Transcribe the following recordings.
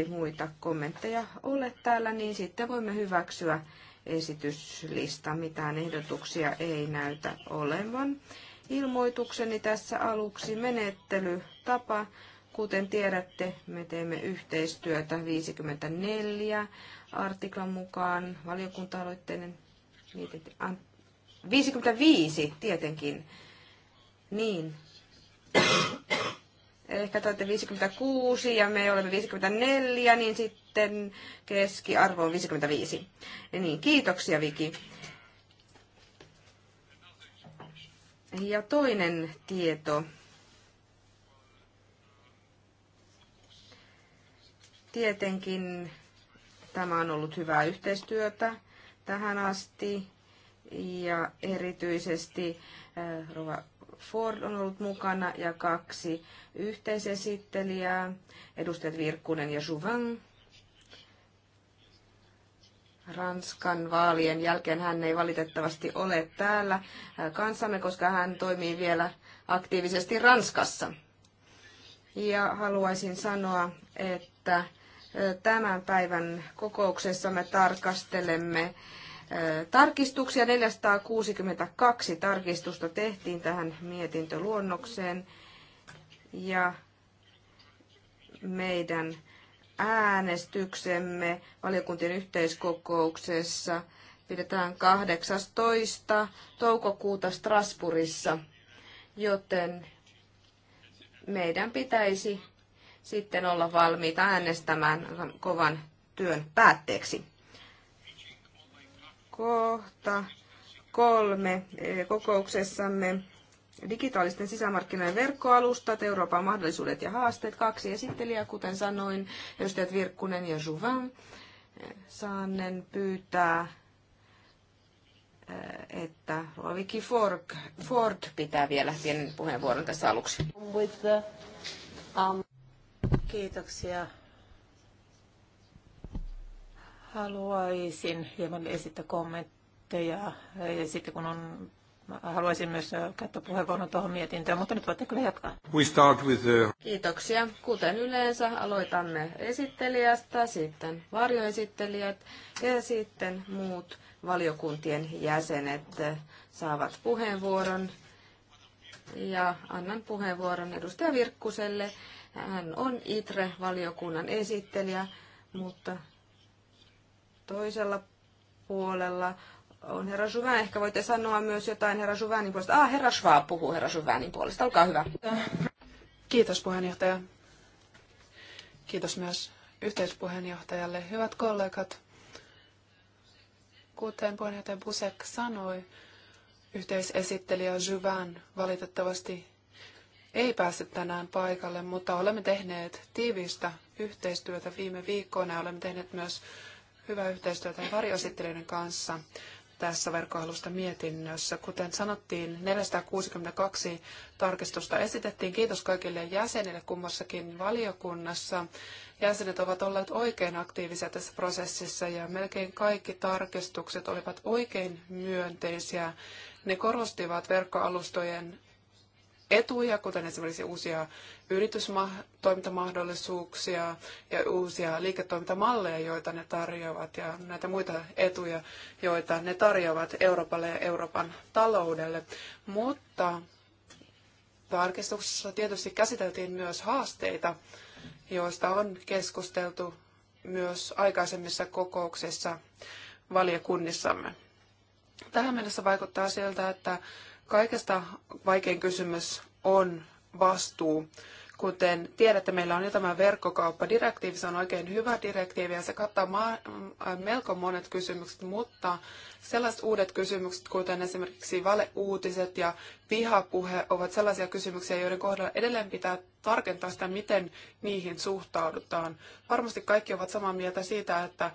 ei muita kommentteja ole täällä, niin sitten voimme hyväksyä esityslista. Mitään ehdotuksia ei näytä olevan. Ilmoitukseni tässä aluksi menettelytapa. Kuten tiedätte, me teemme yhteistyötä 54 artiklan mukaan valiokunta-aloitteinen 55 tietenkin. Niin, ehkä te olette 56 ja me olemme 54, niin sitten keskiarvo on 55. Ja niin, kiitoksia Viki. Ja toinen tieto. Tietenkin tämä on ollut hyvää yhteistyötä tähän asti ja erityisesti äh, Rova Ford on ollut mukana ja kaksi yhteisesittelijää, edustajat Virkkunen ja Jouvin. Ranskan vaalien jälkeen hän ei valitettavasti ole täällä kanssamme, koska hän toimii vielä aktiivisesti Ranskassa. Ja haluaisin sanoa, että tämän päivän kokouksessa me tarkastelemme tarkistuksia. 462 tarkistusta tehtiin tähän mietintöluonnokseen ja meidän äänestyksemme valiokuntien yhteiskokouksessa pidetään 18. toukokuuta Strasbourgissa, joten meidän pitäisi sitten olla valmiita äänestämään kovan työn päätteeksi kohta kolme eh, kokouksessamme digitaalisten sisämarkkinoiden verkkoalustat, Euroopan mahdollisuudet ja haasteet. Kaksi esittelijää, kuten sanoin, edustajat Virkkunen ja Juvan. Eh, Saannen pyytää, eh, että Rovikki Ford, Ford pitää vielä pienen puheenvuoron tässä aluksi. Um, Kiitoksia Haluaisin hieman esittää kommentteja ja sitten kun on haluaisin myös käyttää puheenvuoron tuohon mietintöön, mutta nyt voitte kyllä jatkaa. We start with the... Kiitoksia. Kuten yleensä, aloitamme esittelijästä, sitten varjoesittelijät ja sitten muut valiokuntien jäsenet saavat puheenvuoron. Ja annan puheenvuoron edustaja Virkkuselle. Hän on ITRE-valiokunnan esittelijä, mutta toisella puolella on herra Juvain. Ehkä voitte sanoa myös jotain herra Juvainin puolesta. Ah, herra Schwab puhuu herra Juvainin puolesta. Olkaa hyvä. Kiitos puheenjohtaja. Kiitos myös yhteispuheenjohtajalle. Hyvät kollegat, kuten puheenjohtaja Busek sanoi, yhteisesittelijä Jyvän valitettavasti ei päässyt tänään paikalle, mutta olemme tehneet tiivistä yhteistyötä viime viikkoina ja olemme tehneet myös hyvää yhteistyötä varjoesittelijöiden kanssa tässä verkkoalusta mietinnössä. Kuten sanottiin, 462 tarkistusta esitettiin. Kiitos kaikille jäsenille kummassakin valiokunnassa. Jäsenet ovat olleet oikein aktiivisia tässä prosessissa ja melkein kaikki tarkistukset olivat oikein myönteisiä. Ne korostivat verkkoalustojen etuja, kuten esimerkiksi uusia yritystoimintamahdollisuuksia ja uusia liiketoimintamalleja, joita ne tarjoavat, ja näitä muita etuja, joita ne tarjoavat Euroopalle ja Euroopan taloudelle. Mutta tarkistuksessa tietysti käsiteltiin myös haasteita, joista on keskusteltu myös aikaisemmissa kokouksissa valiokunnissamme. Tähän mennessä vaikuttaa siltä, että Kaikesta vaikein kysymys on vastuu. Kuten tiedätte, meillä on jo tämä verkkokauppadirektiivi, se on oikein hyvä direktiivi ja se kattaa ma- äh, melko monet kysymykset, mutta sellaiset uudet kysymykset, kuten esimerkiksi valeuutiset ja vihapuhe, ovat sellaisia kysymyksiä, joiden kohdalla edelleen pitää tarkentaa sitä, miten niihin suhtaudutaan. Varmasti kaikki ovat samaa mieltä siitä, että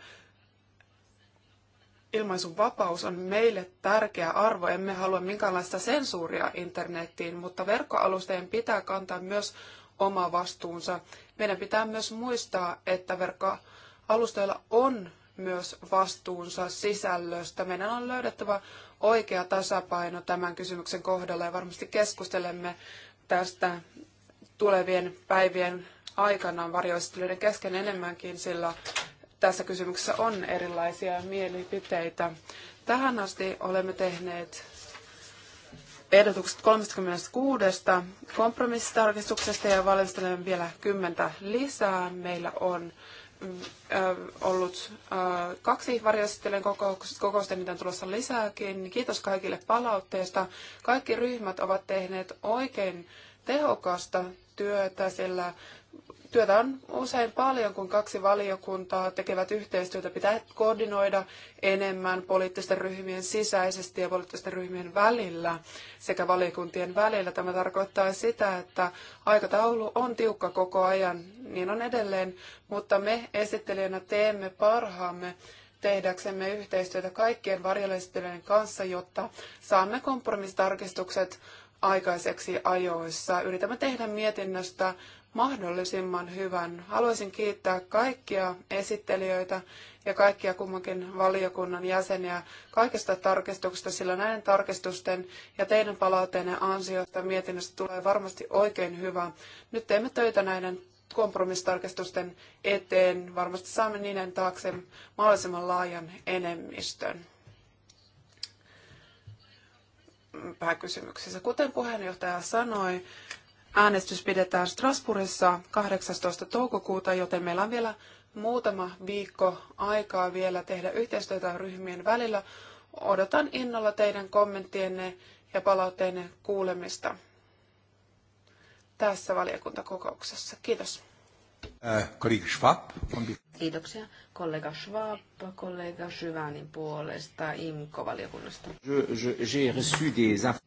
ilmaisun vapaus on meille tärkeä arvo. Emme halua minkäänlaista sensuuria internettiin, mutta verkkoalustojen pitää kantaa myös oma vastuunsa. Meidän pitää myös muistaa, että verkkoalustoilla on myös vastuunsa sisällöstä. Meidän on löydettävä oikea tasapaino tämän kysymyksen kohdalla ja varmasti keskustelemme tästä tulevien päivien aikana varjoistelijoiden kesken enemmänkin, sillä tässä kysymyksessä on erilaisia mielipiteitä. Tähän asti olemme tehneet ehdotukset 36 kompromissitarkistuksesta ja valmistelemme vielä kymmentä lisää. Meillä on mm, ollut kaksi varjoesittelijän kokousta, niitä on tulossa lisääkin. Kiitos kaikille palautteesta. Kaikki ryhmät ovat tehneet oikein tehokasta työtä, sillä Työtä on usein paljon, kun kaksi valiokuntaa tekevät yhteistyötä. Pitää koordinoida enemmän poliittisten ryhmien sisäisesti ja poliittisten ryhmien välillä sekä valiokuntien välillä. Tämä tarkoittaa sitä, että aikataulu on tiukka koko ajan, niin on edelleen, mutta me esittelijänä teemme parhaamme tehdäksemme yhteistyötä kaikkien varjoesittelijöiden kanssa, jotta saamme kompromissitarkistukset aikaiseksi ajoissa. Yritämme tehdä mietinnöstä mahdollisimman hyvän. Haluaisin kiittää kaikkia esittelijöitä ja kaikkia kummankin valiokunnan jäseniä kaikista tarkistuksista, sillä näiden tarkistusten ja teidän palautteenne ansiosta mietinnöstä tulee varmasti oikein hyvä. Nyt teemme töitä näiden kompromissitarkistusten eteen. Varmasti saamme niiden taakse mahdollisimman laajan enemmistön pääkysymyksissä. Kuten puheenjohtaja sanoi, Äänestys pidetään Strasbourgissa 18. toukokuuta, joten meillä on vielä muutama viikko aikaa vielä tehdä yhteistyötä ryhmien välillä. Odotan innolla teidän kommenttienne ja palautteenne kuulemista tässä valiokuntakokouksessa. Kiitos. Kollega Schwab. Kiitoksia kollega Schwab, kollega Syvänin puolesta IMKO-valiokunnasta.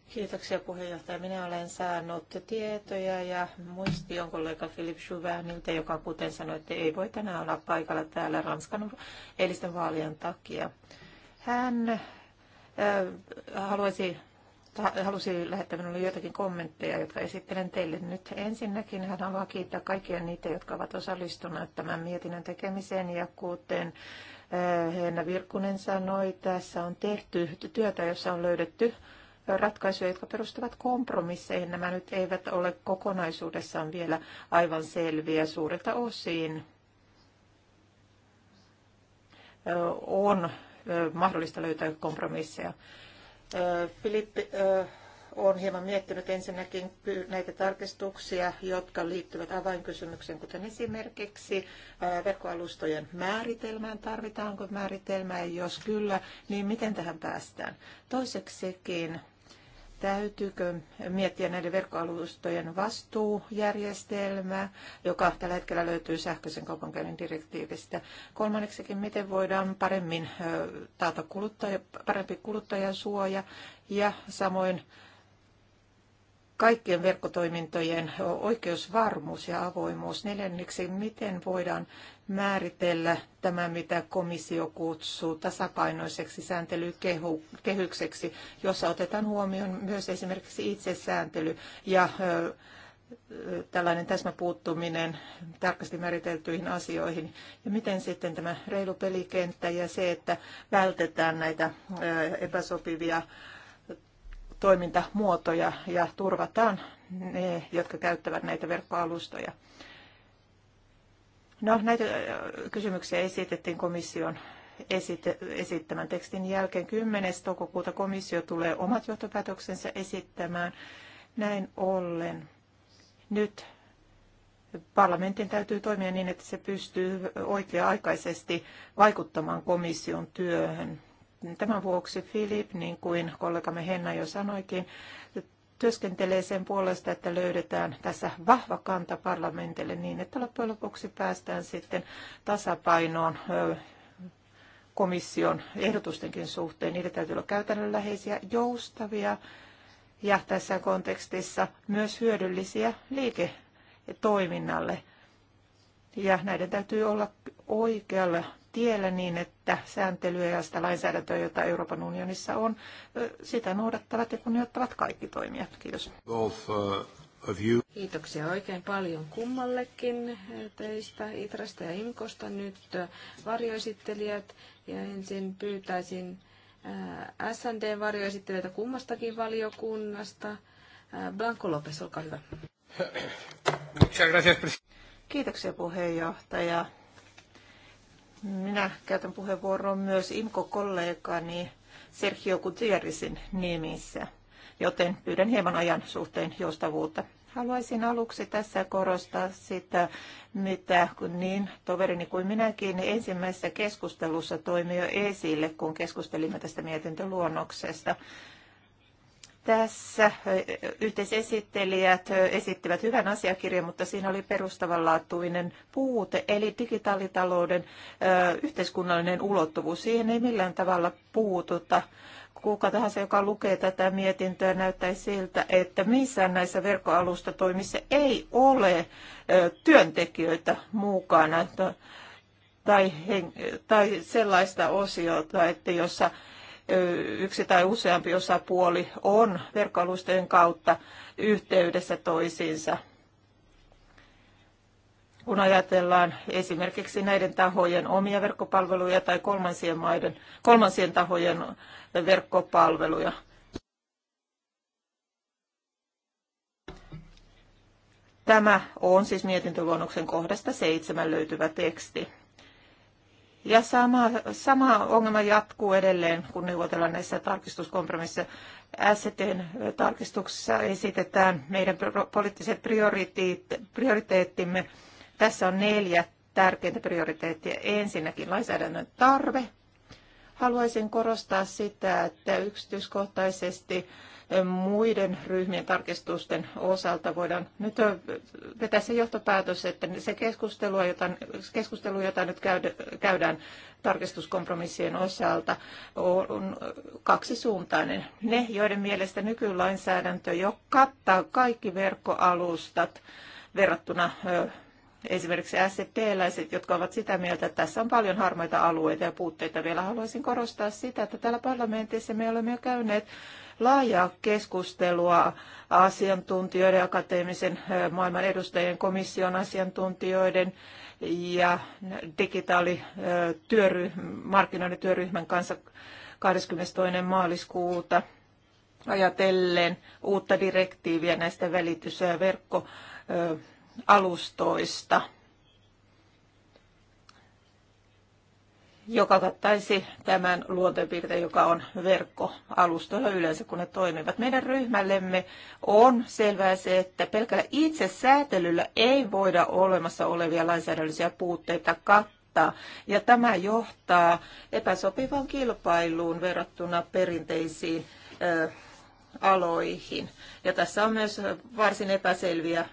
Kiitoksia puheenjohtaja. Minä olen saanut tietoja ja muistion kollega Philip Syväniltä, joka kuten että ei voi tänään olla paikalla täällä Ranskan eilisten vaalien takia. Hän äh, haluaisi halusi lähettää minulle joitakin kommentteja, jotka esittelen teille nyt. Ensinnäkin hän haluaa kiittää kaikkia niitä, jotka ovat osallistuneet tämän mietinnön tekemiseen ja kuten eh, Henna Virkkunen sanoi, tässä on tehty työtä, jossa on löydetty ratkaisuja, jotka perustuvat kompromisseihin. Nämä nyt eivät ole kokonaisuudessaan vielä aivan selviä suurilta osin. Eh, on eh, mahdollista löytää kompromisseja. Filippi on hieman miettinyt ensinnäkin näitä tarkistuksia, jotka liittyvät avainkysymykseen, kuten esimerkiksi verkkoalustojen määritelmään. Tarvitaanko määritelmää? Jos kyllä, niin miten tähän päästään? Toiseksikin Täytyykö miettiä näiden verkkoalustojen vastuujärjestelmää, joka tällä hetkellä löytyy sähköisen kaupankäynnin direktiivistä? Kolmanneksikin, miten voidaan paremmin taata kuluttaja, parempi kuluttajansuoja ja samoin kaikkien verkkotoimintojen oikeusvarmuus ja avoimuus. Neljänneksi, miten voidaan määritellä tämä, mitä komissio kutsuu tasapainoiseksi sääntelykehykseksi, jossa otetaan huomioon myös esimerkiksi itsesääntely ja tällainen täsmäpuuttuminen tarkasti määriteltyihin asioihin ja miten sitten tämä reilu pelikenttä ja se, että vältetään näitä epäsopivia toimintamuotoja ja turvataan ne, jotka käyttävät näitä verkkoalustoja. No, näitä äh, kysymyksiä esitettiin komission esittämän tekstin jälkeen 10. toukokuuta komissio tulee omat johtopäätöksensä esittämään. Näin ollen nyt parlamentin täytyy toimia niin, että se pystyy oikea-aikaisesti vaikuttamaan komission työhön. Tämän vuoksi Filip, niin kuin kollegamme Henna jo sanoikin, työskentelee sen puolesta, että löydetään tässä vahva kanta parlamentille niin, että loppujen lopuksi päästään sitten tasapainoon komission ehdotustenkin suhteen. Niitä täytyy olla käytännönläheisiä, joustavia ja tässä kontekstissa myös hyödyllisiä liiketoiminnalle. Ja näiden täytyy olla oikealla tiellä niin, että sääntelyä ja sitä lainsäädäntöä, jota Euroopan unionissa on, sitä noudattavat ja kunnioittavat kaikki toimijat. Kiitos. uh... Kiitoksia oikein paljon kummallekin teistä, Itrasta ja Imkosta nyt varjoesittelijät. Ja ensin pyytäisin SNDn varjoesittelijöitä kummastakin valiokunnasta. Blanco Lopes, olkaa hyvä. Kiitoksia puheenjohtaja. Minä käytän puheenvuoron myös IMKO-kollegani Sergio Gutierrezin nimissä, joten pyydän hieman ajan suhteen joustavuutta. Haluaisin aluksi tässä korostaa sitä, mitä niin toverini kuin minäkin ensimmäisessä keskustelussa toimi jo esille, kun keskustelimme tästä mietintöluonnoksesta. Tässä yhteisesittelijät esittivät hyvän asiakirjan, mutta siinä oli perustavanlaatuinen puute, eli digitaalitalouden yhteiskunnallinen ulottuvuus. Siihen ei millään tavalla puututa. Kuka tahansa, joka lukee tätä mietintöä, näyttäisi siltä, että missään näissä verkkoalustatoimissa ei ole työntekijöitä mukana tai, tai sellaista osiota, että jossa yksi tai useampi osapuoli on verkkoalustojen kautta yhteydessä toisiinsa. Kun ajatellaan esimerkiksi näiden tahojen omia verkkopalveluja tai kolmansien, maiden, kolmansien tahojen verkkopalveluja, Tämä on siis mietintöluonnoksen kohdasta seitsemän löytyvä teksti. Ja sama, sama ongelma jatkuu edelleen, kun neuvotellaan näissä tarkistuskompromisseissa. STn tarkistuksessa esitetään meidän poliittiset prioriteettimme. Tässä on neljä tärkeintä prioriteettia. Ensinnäkin lainsäädännön tarve. Haluaisin korostaa sitä, että yksityiskohtaisesti muiden ryhmien tarkistusten osalta voidaan nyt vetää se johtopäätös, että se keskustelu, jota, keskustelu, jota nyt käydään tarkistuskompromissien osalta, on kaksisuuntainen. Ne, joiden mielestä nykylainsäädäntö jo kattaa kaikki verkkoalustat verrattuna esimerkiksi SCT-läiset, jotka ovat sitä mieltä, että tässä on paljon harmaita alueita ja puutteita. Vielä haluaisin korostaa sitä, että täällä parlamentissa me olemme jo käyneet laajaa keskustelua asiantuntijoiden, akateemisen maailman edustajien, komission asiantuntijoiden ja digitaalimarkkinoiden työryhmän kanssa 22. maaliskuuta ajatellen uutta direktiiviä näistä välitys- ja verkkoalustoista – joka kattaisi tämän luonteenpiirteen, joka on verkkoalustoilla yleensä, kun ne toimivat. Meidän ryhmällemme on selvää se, että pelkällä itsesäätelyllä ei voida olemassa olevia lainsäädännöllisiä puutteita kattaa, ja tämä johtaa epäsopivaan kilpailuun verrattuna perinteisiin aloihin. Ja tässä on myös varsin epäselviä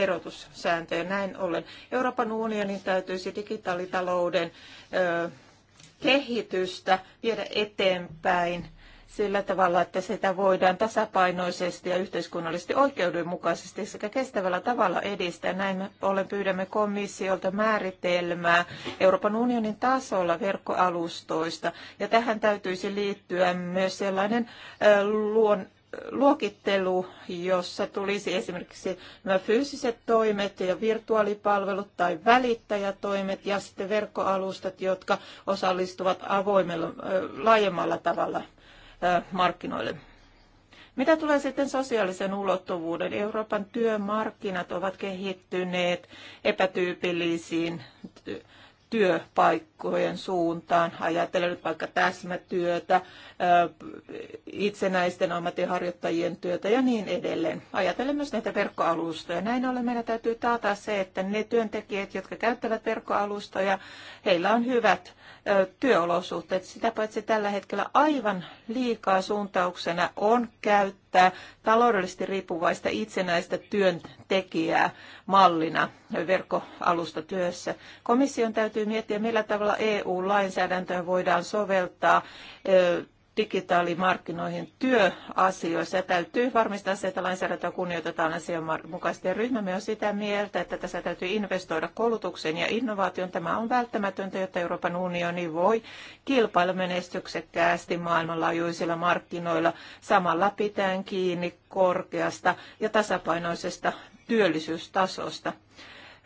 verotussääntöjä. Näin ollen Euroopan unionin täytyisi digitaalitalouden kehitystä viedä eteenpäin sillä tavalla, että sitä voidaan tasapainoisesti ja yhteiskunnallisesti oikeudenmukaisesti sekä kestävällä tavalla edistää. Näin me ollen pyydämme komissiolta määritelmää Euroopan unionin tasolla verkkoalustoista. Ja tähän täytyisi liittyä myös sellainen luon, luokittelu, jossa tulisi esimerkiksi nämä fyysiset toimet ja virtuaalipalvelut tai välittäjätoimet ja sitten verkkoalustat, jotka osallistuvat avoimella, laajemmalla tavalla markkinoille. Mitä tulee sitten sosiaalisen ulottuvuuden? Euroopan työmarkkinat ovat kehittyneet epätyypillisiin työpaikkojen suuntaan. ajatellen nyt vaikka täsmätyötä, itsenäisten ammattiharjoittajien työtä ja niin edelleen. Ajatellen myös näitä verkkoalustoja. Näin ollen meidän täytyy taata se, että ne työntekijät, jotka käyttävät verkkoalustoja, heillä on hyvät työolosuhteet. Sitä paitsi tällä hetkellä aivan liikaa suuntauksena on käyttää käyttää taloudellisesti riippuvaista itsenäistä työntekijää mallina verkkoalustatyössä. Komission täytyy miettiä, millä tavalla EU-lainsäädäntöä voidaan soveltaa digitaalimarkkinoihin työasioissa. Ja täytyy varmistaa se, että lainsäädäntöä kunnioitetaan asianmukaisesti. Ryhmämme on sitä mieltä, että tässä täytyy investoida koulutukseen ja innovaation. Tämä on välttämätöntä, jotta Euroopan unioni voi kilpailla menestyksekkäästi maailmanlaajuisilla markkinoilla samalla pitäen kiinni korkeasta ja tasapainoisesta työllisyystasosta.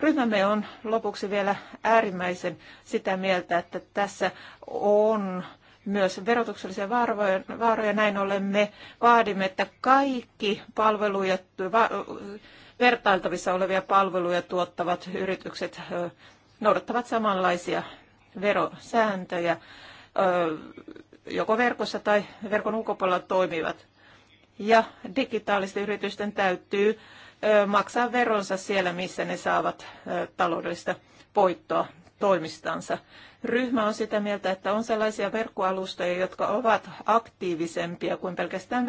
Ryhmämme on lopuksi vielä äärimmäisen sitä mieltä, että tässä on myös verotuksellisia vaaroja, vaaroja. Näin ollen me vaadimme, että kaikki palveluja, va, vertailtavissa olevia palveluja tuottavat yritykset noudattavat samanlaisia verosääntöjä, joko verkossa tai verkon ulkopuolella toimivat. Ja digitaalisten yritysten täytyy maksaa veronsa siellä, missä ne saavat taloudellista voittoa toimistansa. Ryhmä on sitä mieltä, että on sellaisia verkkoalustoja, jotka ovat aktiivisempia kuin pelkästään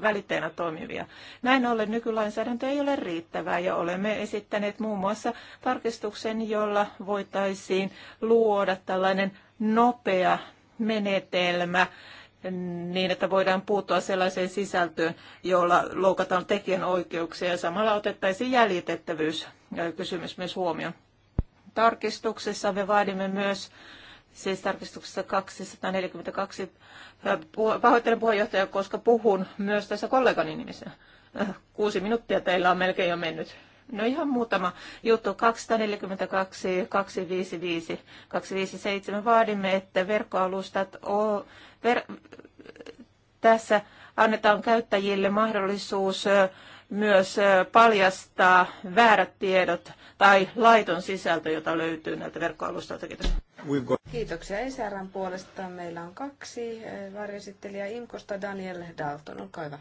välittäjänä toimivia. Näin ollen nykylainsäädäntö ei ole riittävää ja olemme esittäneet muun muassa tarkistuksen, jolla voitaisiin luoda tällainen nopea menetelmä niin, että voidaan puuttua sellaiseen sisältöön, jolla loukataan tekijänoikeuksia ja samalla otettaisiin jäljitettävyys kysymys myös huomioon tarkistuksessa me vaadimme myös siis tarkistuksessa 242. Pahoittelen puheenjohtaja, koska puhun myös tässä kollegani nimissä. Äh, kuusi minuuttia teillä on melkein jo mennyt. No ihan muutama juttu. 242, 255, 257. Vaadimme, että verkkoalustat o, ver, tässä annetaan käyttäjille mahdollisuus myös paljastaa väärät tiedot tai laiton sisältö, jota löytyy näiltä verkkoalustoilta. Kiitos. Kiitoksia Esärän puolesta. Meillä on kaksi eh, varjesittelijä Imkosta Daniel Dalton. Olkaa hyvä.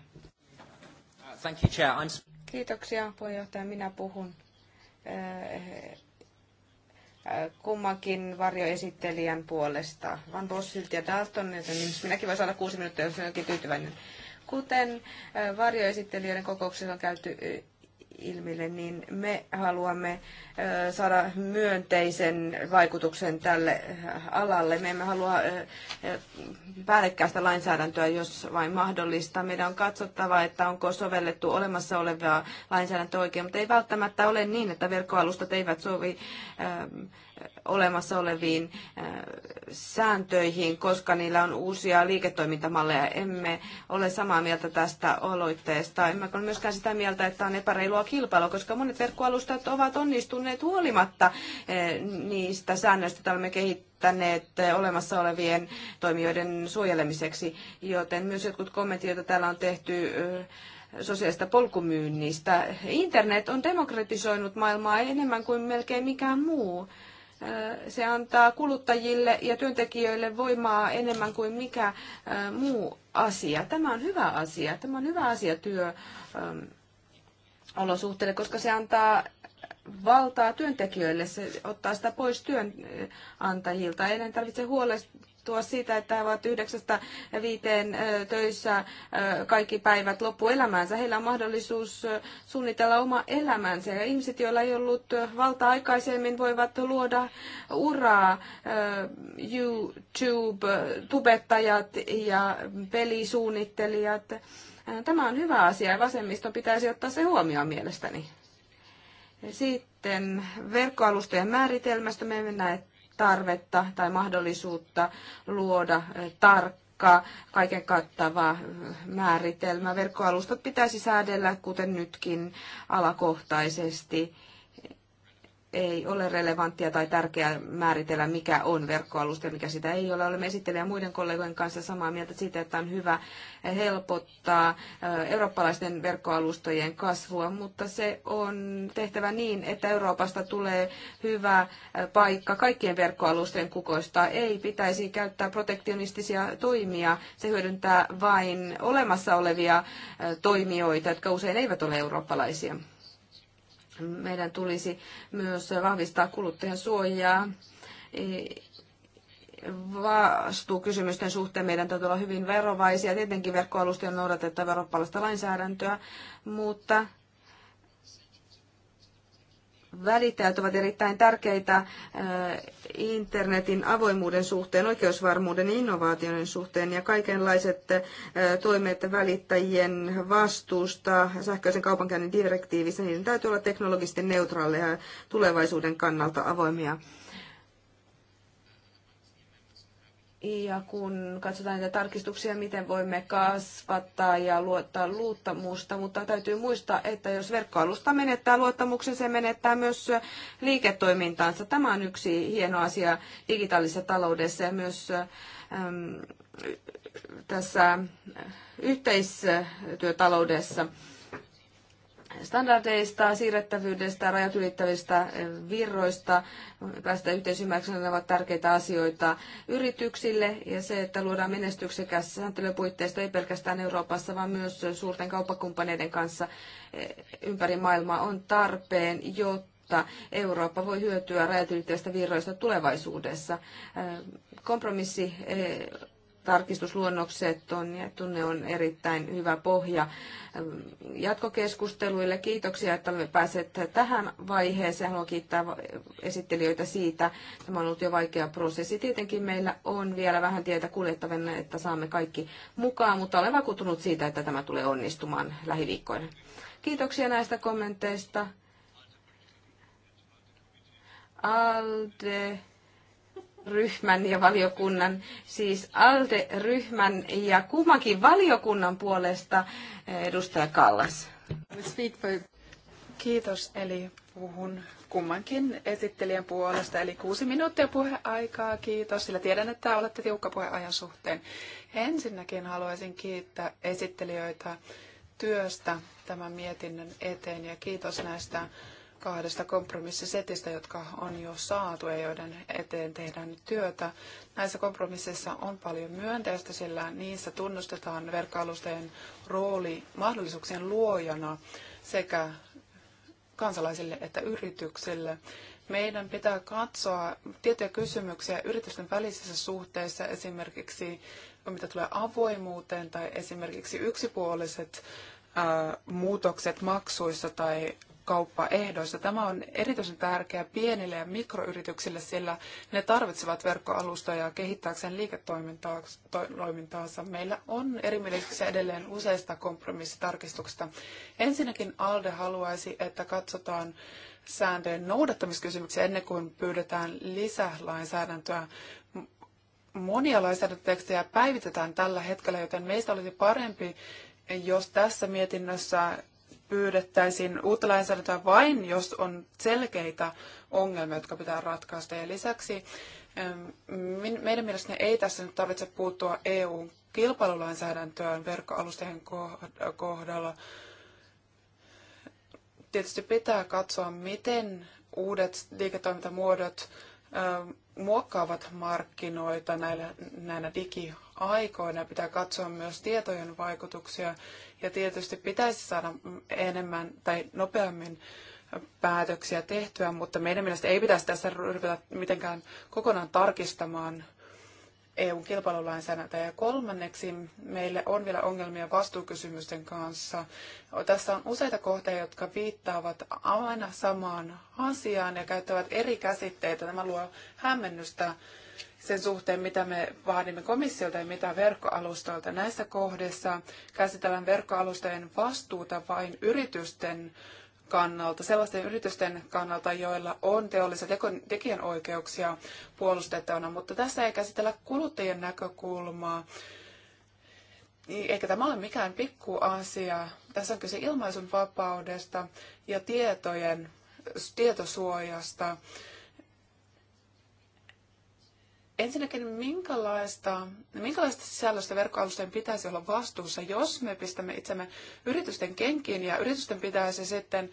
Thank you, Chair. I'm... Kiitoksia puheenjohtaja. Minä puhun eh, eh, kummankin varjoesittelijän puolesta. Van Bossilt ja Dalton, joten minäkin voisin olla kuusi minuuttia, jos olenkin tyytyväinen. Kuten varjoesittelijöiden kokouksessa on käyty ilmille, niin me haluamme saada myönteisen vaikutuksen tälle alalle. Me emme halua päällekkäistä lainsäädäntöä, jos vain mahdollista. Meidän on katsottava, että onko sovellettu olemassa olevaa lainsäädäntöä oikein, mutta ei välttämättä ole niin, että verkkoalustat eivät sovi olemassa oleviin äh, sääntöihin, koska niillä on uusia liiketoimintamalleja. Emme ole samaa mieltä tästä aloitteesta. Emme ole myöskään sitä mieltä, että on epäreilua kilpailua, koska monet verkkoalustat ovat onnistuneet huolimatta äh, niistä säännöistä, joita olemme kehittäneet äh, olemassa olevien toimijoiden suojelemiseksi. Joten myös jotkut kommentit, joita täällä on tehty, sosiaalista polkumyynnistä. Internet on demokratisoinut maailmaa enemmän kuin melkein mikään muu. Se antaa kuluttajille ja työntekijöille voimaa enemmän kuin mikä muu asia. Tämä on hyvä asia. Tämä on hyvä asia työolosuhteille, koska se antaa valtaa työntekijöille, se ottaa sitä pois työnantajilta. Ei tarvitse huolestua johtua siitä, että he ovat yhdeksästä viiteen töissä kaikki päivät loppuelämäänsä. Heillä on mahdollisuus suunnitella oma elämänsä. Ja ihmiset, joilla ei ollut valtaa aikaisemmin, voivat luoda uraa. YouTube-tubettajat ja pelisuunnittelijat. Tämä on hyvä asia ja vasemmisto pitäisi ottaa se huomioon mielestäni. Sitten verkkoalustojen määritelmästä me emme näe tarvetta tai mahdollisuutta luoda eh, tarkka, kaiken kattava eh, määritelmä. Verkkoalustat pitäisi säädellä, kuten nytkin, alakohtaisesti ei ole relevanttia tai tärkeää määritellä, mikä on verkkoalusta ja mikä sitä ei ole. Olemme esittelijä muiden kollegojen kanssa samaa mieltä siitä, että on hyvä helpottaa eurooppalaisten verkkoalustojen kasvua, mutta se on tehtävä niin, että Euroopasta tulee hyvä paikka kaikkien verkkoalustojen kukoistaa. Ei pitäisi käyttää protektionistisia toimia. Se hyödyntää vain olemassa olevia toimijoita, jotka usein eivät ole eurooppalaisia. Meidän tulisi myös vahvistaa kuluttajan suojaa. E, vastuukysymysten suhteen meidän täytyy olla hyvin verovaisia. Tietenkin on noudatettava eurooppalaista lainsäädäntöä, mutta välittäjät ovat erittäin tärkeitä internetin avoimuuden suhteen, oikeusvarmuuden ja innovaatioiden suhteen ja kaikenlaiset toimet välittäjien vastuusta sähköisen kaupankäynnin direktiivissä, niiden täytyy olla teknologisesti neutraaleja ja tulevaisuuden kannalta avoimia. Ja kun katsotaan niitä tarkistuksia, miten voimme kasvattaa ja luottaa luottamusta, mutta täytyy muistaa, että jos verkkoalusta menettää luottamuksen, se menettää myös liiketoimintaansa. Tämä on yksi hieno asia digitaalisessa taloudessa ja myös äm, tässä yhteistyötaloudessa standardeista, siirrettävyydestä, rajat ylittävistä eh, virroista, päästä ne ovat tärkeitä asioita yrityksille ja se, että luodaan menestyksekäs sääntelypuitteista ei pelkästään Euroopassa, vaan myös suurten kauppakumppaneiden kanssa eh, ympäri maailmaa on tarpeen, jotta Eurooppa voi hyötyä rajat ylittävistä virroista tulevaisuudessa. Eh, kompromissi tarkistusluonnokset on ja tunne on erittäin hyvä pohja jatkokeskusteluille. Kiitoksia, että olemme päässeet tähän vaiheeseen. Haluan kiittää esittelijöitä siitä. Tämä on ollut jo vaikea prosessi. Tietenkin meillä on vielä vähän tietä kuljettavana, että saamme kaikki mukaan, mutta olen vakuuttunut siitä, että tämä tulee onnistumaan lähiviikkoina. Kiitoksia näistä kommenteista. ALDE ryhmän ja valiokunnan, siis ALDE-ryhmän ja kummankin valiokunnan puolesta eh, edustaja Kallas. Kiitos, eli puhun kummankin esittelijän puolesta, eli kuusi minuuttia puheaikaa, kiitos, sillä tiedän, että olette tiukka puheajan suhteen. Ensinnäkin haluaisin kiittää esittelijöitä työstä tämän mietinnön eteen ja kiitos näistä kahdesta kompromissisetistä, jotka on jo saatu ja joiden eteen tehdään nyt työtä. Näissä kompromisseissa on paljon myönteistä, sillä niissä tunnustetaan verkkoalustojen rooli mahdollisuuksien luojana sekä kansalaisille että yrityksille. Meidän pitää katsoa tiettyjä kysymyksiä yritysten välisissä suhteissa, esimerkiksi mitä tulee avoimuuteen tai esimerkiksi yksipuoliset muutokset maksuissa tai verkkokauppaehdoissa. Tämä on erityisen tärkeää pienille ja mikroyrityksille, sillä ne tarvitsevat verkkoalustoja kehittääkseen liiketoimintaansa. Meillä on erimielisyyksiä edelleen useista kompromissitarkistuksista. Ensinnäkin ALDE haluaisi, että katsotaan sääntöjen noudattamiskysymyksiä ennen kuin pyydetään lisälainsäädäntöä monia lainsäädäntötekstejä päivitetään tällä hetkellä, joten meistä olisi parempi, jos tässä mietinnössä pyydettäisiin uutta lainsäädäntöä vain, jos on selkeitä ongelmia, jotka pitää ratkaista. Ja lisäksi meidän mielestämme ei tässä nyt tarvitse puuttua EUn kilpailulainsäädäntöön verkkoalustojen kohdalla. Tietysti pitää katsoa, miten uudet liiketoimintamuodot muokkaavat markkinoita näillä, näinä digi- aikoina pitää katsoa myös tietojen vaikutuksia ja tietysti pitäisi saada enemmän tai nopeammin päätöksiä tehtyä, mutta meidän mielestä ei pitäisi tässä ryhdytä mitenkään kokonaan tarkistamaan EUn kilpailulainsäädäntöä. Ja kolmanneksi meille on vielä ongelmia vastuukysymysten kanssa. Tässä on useita kohtia, jotka viittaavat aina samaan asiaan ja käyttävät eri käsitteitä. Tämä luo hämmennystä sen suhteen, mitä me vaadimme komissiolta ja mitä verkkoalustoilta. Näissä kohdissa käsitellään verkkoalustojen vastuuta vain yritysten kannalta, sellaisten yritysten kannalta, joilla on teollisia tekijänoikeuksia puolustettavana, mutta tässä ei käsitellä kuluttajien näkökulmaa. Niin eikä tämä ole mikään pikku asia. Tässä on kyse ilmaisun vapaudesta ja tietojen, tietosuojasta. Ensinnäkin, minkälaista, minkälaista sisällöstä verkkoalustojen pitäisi olla vastuussa, jos me pistämme itsemme yritysten kenkiin ja yritysten pitäisi sitten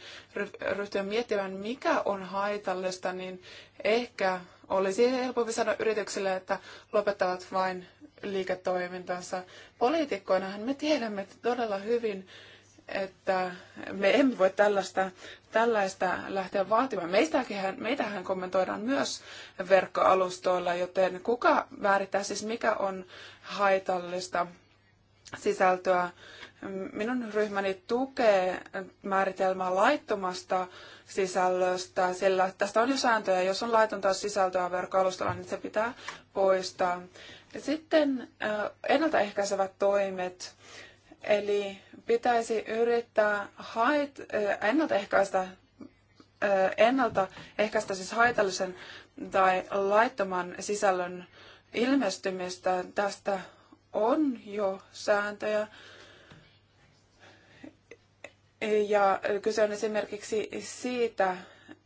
ryhtyä miettimään, mikä on haitallista, niin ehkä olisi helpompi sanoa yrityksille, että lopettavat vain liiketoimintansa. Poliitikkoinahan me tiedämme todella hyvin, että me emme voi tällaista, tällaista lähteä vaatimaan. Meitähän, meitähän kommentoidaan myös verkkoalustoilla, joten kuka määrittää siis mikä on haitallista sisältöä. Minun ryhmäni tukee määritelmää laittomasta sisällöstä, sillä tästä on jo sääntöjä. Jos on laitonta sisältöä verkkoalustalla, niin se pitää poistaa. Sitten ennaltaehkäisevät toimet Eli pitäisi yrittää hait, ennaltaehkäistä, ennaltaehkäistä siis haitallisen tai laittoman sisällön ilmestymistä. Tästä on jo sääntöjä. Ja kyse on esimerkiksi siitä,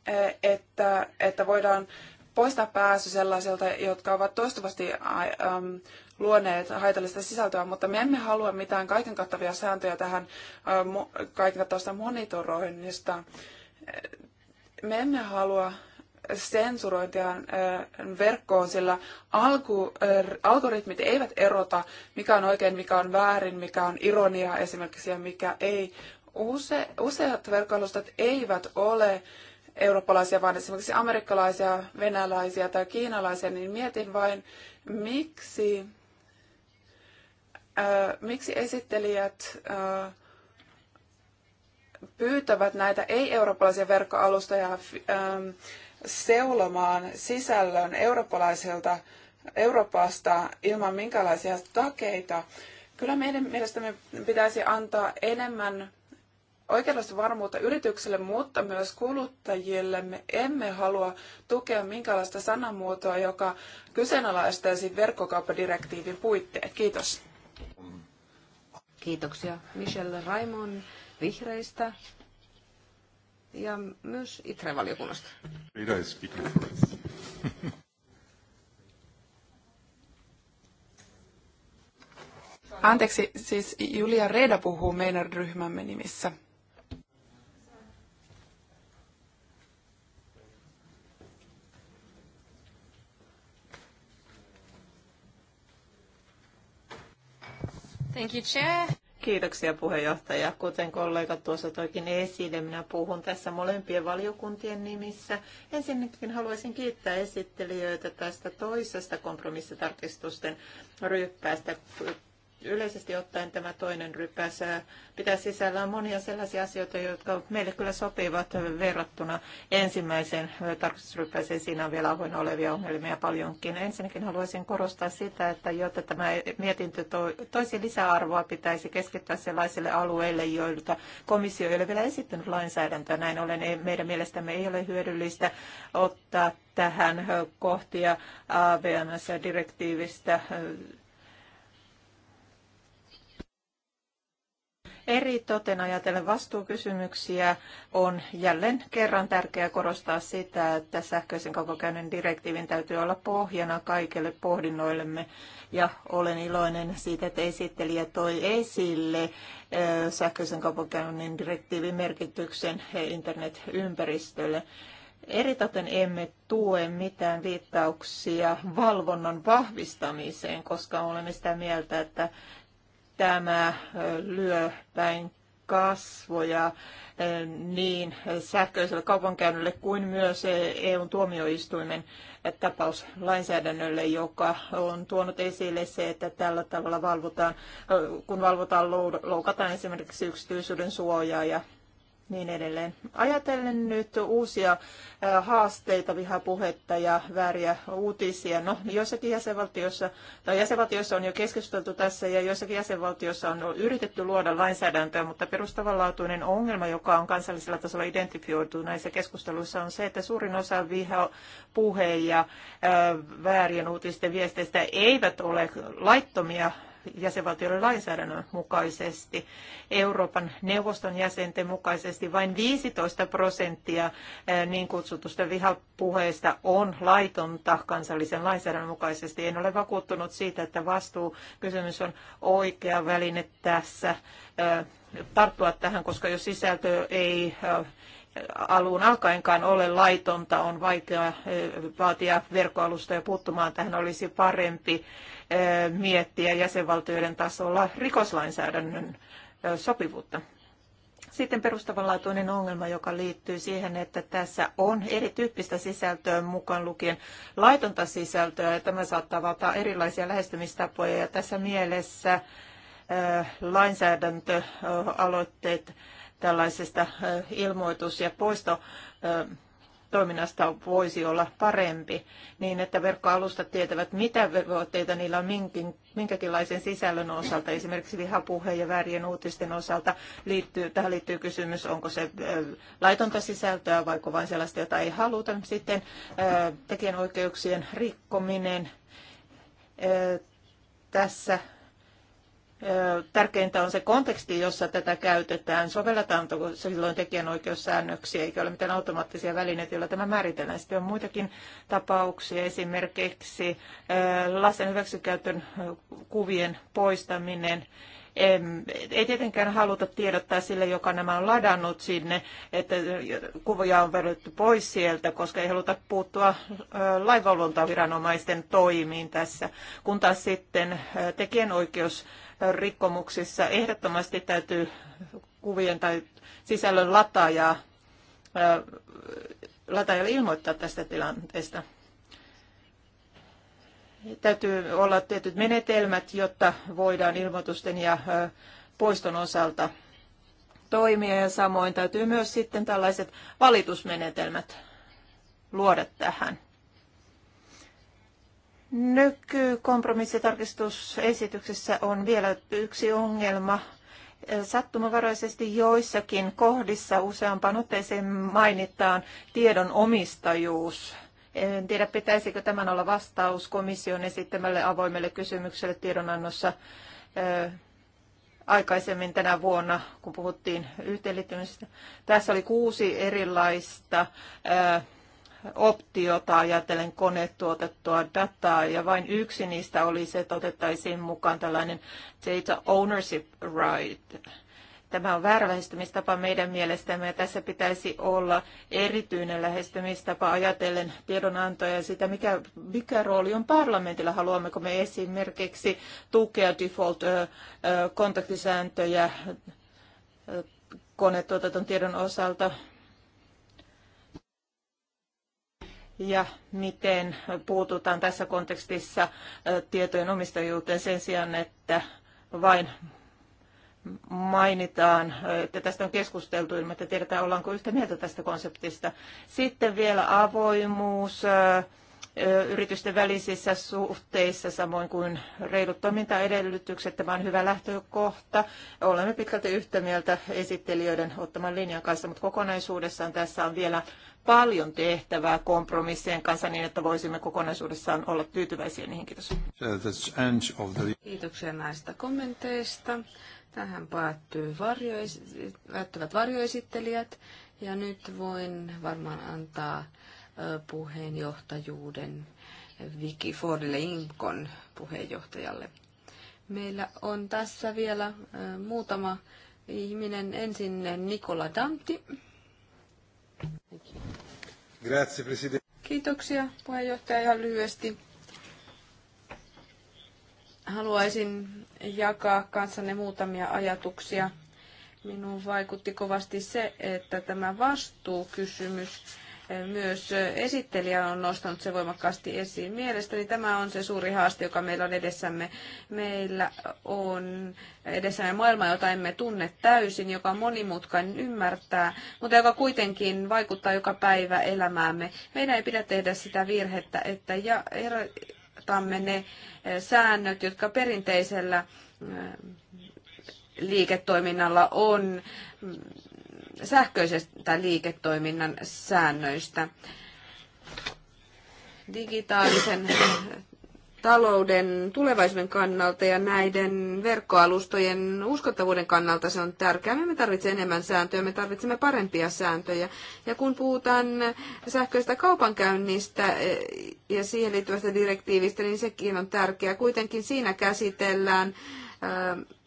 e, että, että voidaan poistaa pääsy sellaisilta, jotka ovat toistuvasti luoneet haitallista sisältöä, mutta me emme halua mitään kaiken kattavia sääntöjä tähän kaiken kattavasta monitoroinnista. Me emme halua sensurointia verkkoon, sillä alku, algoritmit eivät erota, mikä on oikein, mikä on väärin, mikä on ironiaa esimerkiksi ja mikä ei. Use, useat verkkoalustat eivät ole eurooppalaisia, vaan esimerkiksi amerikkalaisia, venäläisiä tai kiinalaisia, niin mietin vain, miksi miksi esittelijät pyytävät näitä ei-eurooppalaisia verkkoalustoja seulomaan sisällön eurooppalaiselta Euroopasta ilman minkälaisia takeita. Kyllä meidän mielestämme pitäisi antaa enemmän oikeudellista varmuutta yrityksille, mutta myös kuluttajille. Me emme halua tukea minkälaista sanamuotoa, joka kyseenalaistaisi verkkokauppadirektiivin puitteet. Kiitos. Kiitoksia Michelle Raimon vihreistä ja myös ITRE-valiokunnasta. Anteeksi, siis Julia Reda puhuu meidän ryhmämme nimissä. Thank you, Chair. Kiitoksia puheenjohtaja. Kuten kollega tuossa toikin esille, minä puhun tässä molempien valiokuntien nimissä. Ensinnäkin haluaisin kiittää esittelijöitä tästä toisesta kompromissitarkistusten ryppäästä yleisesti ottaen tämä toinen rypäs pitää sisällään monia sellaisia asioita, jotka meille kyllä sopivat verrattuna ensimmäiseen tarkastusrypäseen. Siinä on vielä avoinna olevia ongelmia paljonkin. Ensinnäkin haluaisin korostaa sitä, että jotta tämä mietintö toisi lisäarvoa, pitäisi keskittää sellaisille alueille, joilta komissio ei ole vielä esittänyt lainsäädäntöä. Näin ollen ei, meidän mielestämme ei ole hyödyllistä ottaa tähän kohtia AVMS-direktiivistä Eri toten ajatellen vastuukysymyksiä on jälleen kerran tärkeää korostaa sitä, että sähköisen kaukokäynnin direktiivin täytyy olla pohjana kaikille pohdinnoillemme. Ja olen iloinen siitä, että esittelijä toi esille sähköisen kaukokäynnin direktiivin merkityksen internetympäristölle. Eritoten emme tue mitään viittauksia valvonnan vahvistamiseen, koska olemme sitä mieltä, että tämä lyö päin kasvoja niin sähköiselle kaupankäynnille kuin myös eu tuomioistuimen tapauslainsäädännölle, joka on tuonut esille se, että tällä tavalla valvotaan, kun valvotaan, loukataan esimerkiksi yksityisyyden suojaa ja niin edelleen. Ajatellen nyt uusia haasteita, vihapuhetta ja vääriä uutisia. No, joissakin jäsenvaltioissa, tai jäsenvaltioissa on jo keskusteltu tässä ja joissakin jäsenvaltioissa on yritetty luoda lainsäädäntöä, mutta perustavanlaatuinen ongelma, joka on kansallisella tasolla identifioitu näissä keskusteluissa, on se, että suurin osa vihapuheen ja väärien uutisten viesteistä eivät ole laittomia jäsenvaltioiden lainsäädännön mukaisesti. Euroopan neuvoston jäsenten mukaisesti vain 15 prosenttia eh, niin kutsutusta vihapuheesta on laitonta kansallisen lainsäädännön mukaisesti. En ole vakuuttunut siitä, että vastuukysymys on oikea väline tässä eh, tarttua tähän, koska jos sisältö ei eh, alun alkaenkaan ole laitonta, on vaikea vaatia verkkoalustoja puuttumaan. Tähän olisi parempi miettiä jäsenvaltioiden tasolla rikoslainsäädännön sopivuutta. Sitten perustavanlaatuinen ongelma, joka liittyy siihen, että tässä on erityyppistä sisältöä mukaan lukien laitonta sisältöä, ja tämä saattaa valtaa erilaisia lähestymistapoja, ja tässä mielessä lainsäädäntöaloitteet tällaisesta ilmoitus- ja poisto toiminnasta voisi olla parempi, niin että verkkoalustat tietävät, mitä velvoitteita niillä on minkin, minkäkinlaisen sisällön osalta, esimerkiksi vihapuheen ja väärien uutisten osalta. Liittyy, tähän liittyy kysymys, onko se laitonta sisältöä vai vain sellaista, jota ei haluta. Sitten tekijänoikeuksien rikkominen tässä Tärkeintä on se konteksti, jossa tätä käytetään. Sovelletaanko silloin tekijänoikeussäännöksiä, eikä ole mitään automaattisia välineitä, joilla tämä määritellään. Sitten on muitakin tapauksia, esimerkiksi lasten hyväksikäytön kuvien poistaminen. Ei tietenkään haluta tiedottaa sille, joka nämä on ladannut sinne, että kuvia on vedetty pois sieltä, koska ei haluta puuttua lainvalvontaviranomaisten toimiin tässä. Kun taas sitten tekijänoikeus rikkomuksissa ehdottomasti täytyy kuvien tai sisällön lataajaa, lataajalle ilmoittaa tästä tilanteesta. Täytyy olla tietyt menetelmät, jotta voidaan ilmoitusten ja poiston osalta toimia ja samoin täytyy myös sitten tällaiset valitusmenetelmät luoda tähän. Nykykompromissitarkistusesityksessä on vielä yksi ongelma. Sattumavaraisesti joissakin kohdissa useampaan otteeseen mainitaan tiedon omistajuus. En tiedä, pitäisikö tämän olla vastaus komission esittämälle avoimelle kysymykselle tiedonannossa aikaisemmin tänä vuonna, kun puhuttiin yhteenliittymisestä. Tässä oli kuusi erilaista optiota ajatellen konetuotettua dataa, ja vain yksi niistä oli se, että otettaisiin mukaan tällainen data ownership right. Tämä on väärä lähestymistapa meidän mielestämme, ja tässä pitäisi olla erityinen lähestymistapa ajatellen tiedonantoja ja sitä, mikä, mikä rooli on parlamentilla. Haluammeko me esimerkiksi tukea default-kontaktisääntöjä konetuotetun tiedon osalta ja miten puututaan tässä kontekstissa tietojen omistajuuteen sen sijaan, että vain mainitaan, että tästä on keskusteltu ilman, että tiedetään ollaanko yhtä mieltä tästä konseptista. Sitten vielä avoimuus yritysten välisissä suhteissa, samoin kuin reilut toimintaedellytykset. Tämä on hyvä lähtökohta. Olemme pitkälti yhtä mieltä esittelijöiden ottaman linjan kanssa, mutta kokonaisuudessaan tässä on vielä paljon tehtävää kompromissien kanssa niin, että voisimme kokonaisuudessaan olla tyytyväisiä niihin. Kiitos. Kiitoksia näistä kommenteista. Tähän päättyy varjoesi- päättyvät varjoesittelijät ja nyt voin varmaan antaa puheenjohtajuuden Vicky Fordille Inkon puheenjohtajalle. Meillä on tässä vielä muutama ihminen. Ensin Nikola Dantti. Kiitoksia puheenjohtaja ihan lyhyesti. Haluaisin jakaa kanssanne muutamia ajatuksia. Minun vaikutti kovasti se, että tämä vastuukysymys myös esittelijä on nostanut se voimakkaasti esiin. Mielestäni tämä on se suuri haaste, joka meillä on edessämme. Meillä on edessämme maailma, jota emme tunne täysin, joka on monimutkainen ymmärtää, mutta joka kuitenkin vaikuttaa joka päivä elämäämme. Meidän ei pidä tehdä sitä virhettä, että ja, erotamme ne eh, säännöt, jotka perinteisellä eh, liiketoiminnalla on sähköisestä liiketoiminnan säännöistä. Digitaalisen talouden tulevaisuuden kannalta ja näiden verkkoalustojen uskottavuuden kannalta se on tärkeää. Me tarvitsemme enemmän sääntöjä, me tarvitsemme parempia sääntöjä. Ja kun puhutaan sähköistä kaupankäynnistä eh, ja siihen liittyvästä direktiivistä, niin sekin on tärkeää. Kuitenkin siinä käsitellään eh,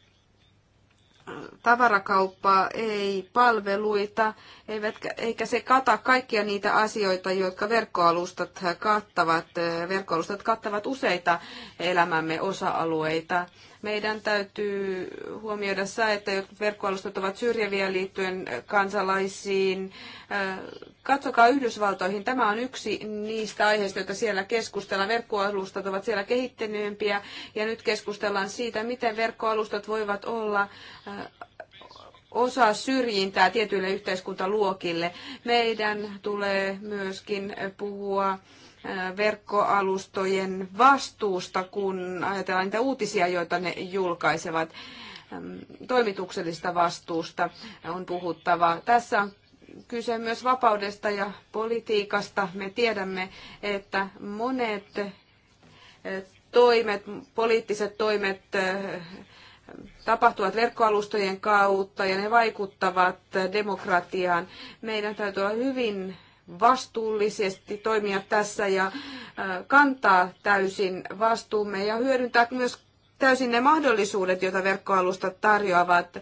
tavarakauppaa, ei palveluita, eivätkä, eikä se kata kaikkia niitä asioita, jotka verkkoalustat kattavat. Verkkoalustat kattavat useita elämämme osa-alueita. Meidän täytyy huomioida se, että jotkut verkkoalustat ovat syrjäviä liittyen kansalaisiin. Katsokaa Yhdysvaltoihin. Tämä on yksi niistä aiheista, joita siellä keskustellaan. Verkkoalustat ovat siellä kehittyneempiä ja nyt keskustellaan siitä, miten verkkoalustat voivat olla osa syrjintää tietyille yhteiskuntaluokille. Meidän tulee myöskin puhua verkkoalustojen vastuusta, kun ajatellaan niitä uutisia, joita ne julkaisevat. Toimituksellista vastuusta on puhuttava. Tässä on kyse myös vapaudesta ja politiikasta. Me tiedämme, että monet toimet, poliittiset toimet tapahtuvat verkkoalustojen kautta ja ne vaikuttavat demokratiaan. Meidän täytyy olla hyvin vastuullisesti toimia tässä ja äh, kantaa täysin vastuumme ja hyödyntää myös täysin ne mahdollisuudet, joita verkkoalustat tarjoavat.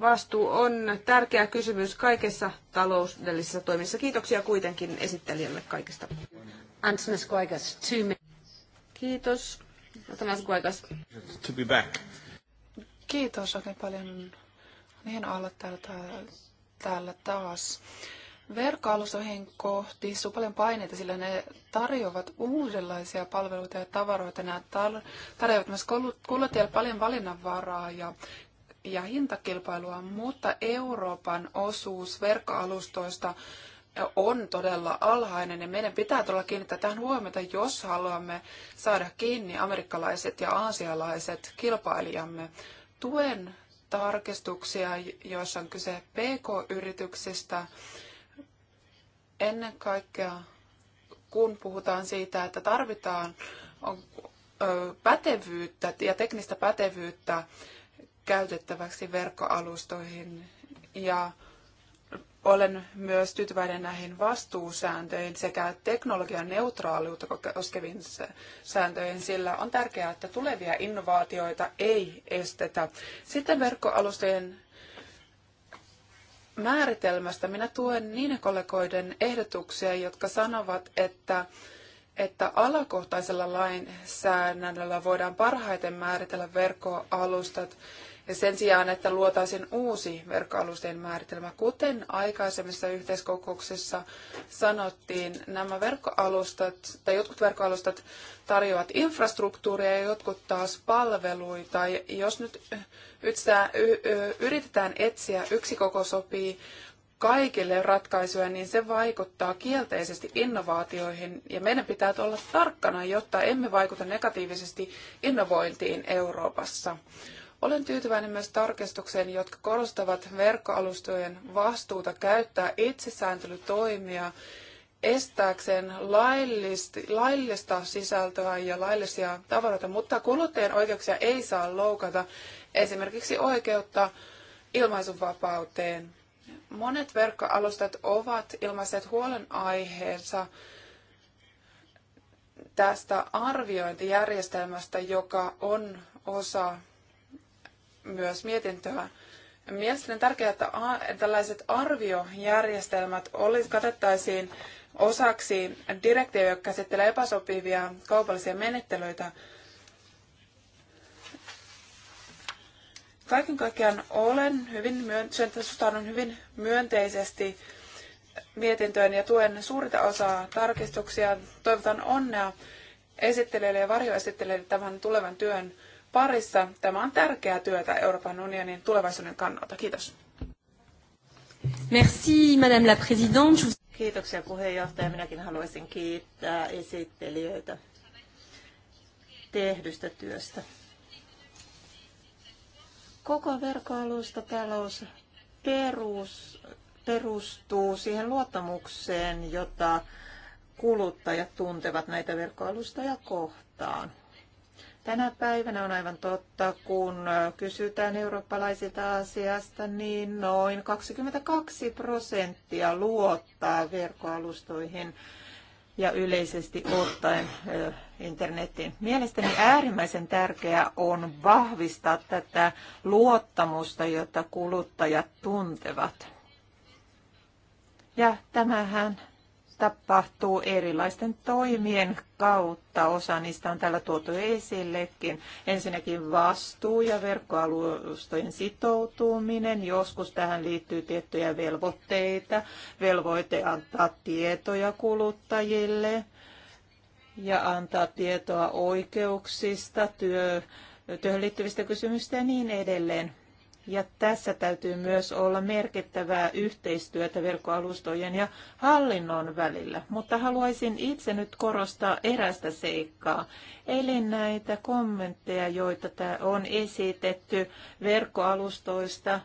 Vastuu on tärkeä kysymys kaikessa taloudellisessa toimissa. Kiitoksia kuitenkin esittelijälle kaikesta. Kiitos. To be back. Kiitos oikein paljon niin olla täällä, täällä taas. Verkkoalustoihin kohdistuu paljon paineita, sillä ne tarjoavat uudenlaisia palveluita ja tavaroita. Nämä tarjoavat myös kuluttajille paljon valinnanvaraa ja, ja hintakilpailua, mutta Euroopan osuus verkkoalustoista on todella alhainen ja meidän pitää todella kiinnittää tähän huomiota, jos haluamme saada kiinni amerikkalaiset ja aasialaiset kilpailijamme. Tuen tarkistuksia, joissa on kyse PK-yrityksistä. Ennen kaikkea, kun puhutaan siitä, että tarvitaan on, ö, pätevyyttä ja teknistä pätevyyttä käytettäväksi verkkoalustoihin ja olen myös tyytyväinen näihin vastuusääntöihin sekä teknologian neutraaliutta koskeviin sääntöihin, sillä on tärkeää, että tulevia innovaatioita ei estetä. Sitten verkkoalustojen määritelmästä minä tuen niiden kollegoiden ehdotuksia, jotka sanovat, että että alakohtaisella lainsäädännöllä voidaan parhaiten määritellä verkkoalustat sen sijaan, että luotaisiin uusi verkkoalustojen määritelmä. Kuten aikaisemmissa yhteiskokouksissa sanottiin, nämä verkkoalustat tai jotkut verkkoalustat tarjoavat infrastruktuuria ja jotkut taas palveluita. ja Jos nyt yritetään etsiä yksi koko sopii kaikille ratkaisuja, niin se vaikuttaa kielteisesti innovaatioihin ja meidän pitää olla tarkkana, jotta emme vaikuta negatiivisesti innovointiin Euroopassa. Olen tyytyväinen myös tarkistukseen, jotka korostavat verkkoalustojen vastuuta käyttää itsesääntelytoimia estääkseen laillisti, laillista sisältöä ja laillisia tavaroita, mutta kuluttajien oikeuksia ei saa loukata, esimerkiksi oikeutta ilmaisuvapauteen. Monet verkkoalustat ovat ilmaiset huolenaiheensa tästä arviointijärjestelmästä, joka on osa myös mietintöä. Mielestäni on tärkeää, että tällaiset arviojärjestelmät katettaisiin osaksi direktiiviä, joka käsittelee epäsopivia kaupallisia menettelyitä. Kaiken kaikkiaan olen hyvin myönte- hyvin myönteisesti mietintöön ja tuen suurta osaa tarkistuksia. Toivotan onnea esittelijöille ja varjoesittelijöille tämän tulevan työn parissa. Tämä on tärkeää työtä Euroopan unionin tulevaisuuden kannalta. Kiitos. Merci, Madame la Présidente. Kiitoksia puheenjohtaja. Minäkin haluaisin kiittää esittelijöitä tehdystä työstä. Koko verkkoalusta talous perus, perustuu siihen luottamukseen, jota kuluttajat tuntevat näitä verkkoalustoja kohtaan. Tänä päivänä on aivan totta, kun kysytään eurooppalaisilta asiasta, niin noin 22 prosenttia luottaa verkkoalustoihin ja yleisesti ottaen internetin. Mielestäni äärimmäisen tärkeää on vahvistaa tätä luottamusta, jota kuluttajat tuntevat. Ja tämähän tapahtuu erilaisten toimien kautta. Osa niistä on täällä tuotu esillekin. Ensinnäkin vastuu ja verkkoalustojen sitoutuminen. Joskus tähän liittyy tiettyjä velvoitteita. Velvoite antaa tietoja kuluttajille ja antaa tietoa oikeuksista, työ, työhön liittyvistä kysymyksistä ja niin edelleen. Ja tässä täytyy myös olla merkittävää yhteistyötä verkkoalustojen ja hallinnon välillä. Mutta haluaisin itse nyt korostaa erästä seikkaa. Eli näitä kommentteja, joita on esitetty verkkoalustoista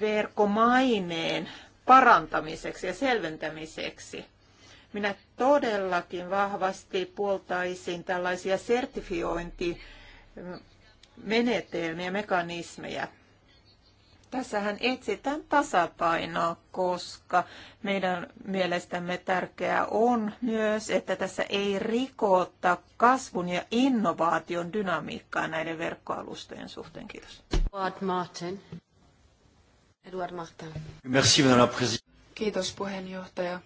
verkkomaineen parantamiseksi ja selventämiseksi. Minä todellakin vahvasti puoltaisin tällaisia sertifiointi menetelmiä, mekanismeja. Tässähän etsitään tasapainoa, koska meidän mielestämme tärkeää on myös, että tässä ei rikota kasvun ja innovaation dynamiikkaa näiden verkkoalustojen suhteen. Kiitos. Edward Martin. Edward Martin. Merci, Kiitos puheenjohtaja.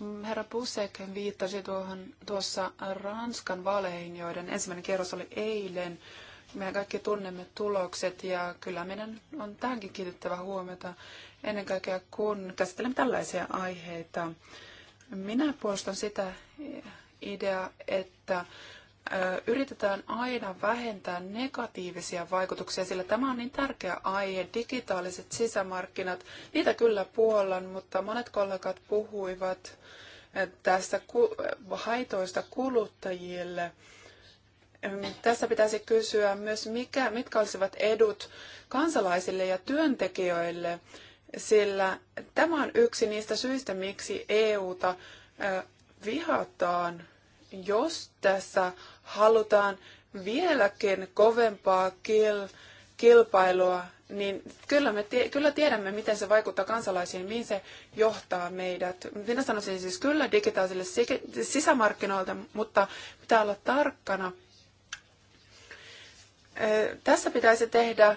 Mm, herra Pusek viittasi tuohon, tuossa Ranskan vaaleihin, joiden ensimmäinen kierros oli eilen. Me kaikki tunnemme tulokset ja kyllä meidän on tähänkin kiitettävä huomiota ennen kaikkea, kun käsittelemme tällaisia aiheita. Minä puolustan sitä ideaa, että yritetään aina vähentää negatiivisia vaikutuksia, sillä tämä on niin tärkeä aihe. Digitaaliset sisämarkkinat, niitä kyllä puollan, mutta monet kollegat puhuivat tästä haitoista kuluttajille. Tässä pitäisi kysyä myös, mikä, mitkä olisivat edut kansalaisille ja työntekijöille, sillä tämä on yksi niistä syistä, miksi EUta vihataan, jos tässä halutaan vieläkin kovempaa kilpailua, niin kyllä me kyllä tiedämme, miten se vaikuttaa kansalaisiin, mihin se johtaa meidät. Minä sanoisin siis kyllä digitaalisille sisämarkkinoilta, mutta pitää olla tarkkana. Tässä pitäisi tehdä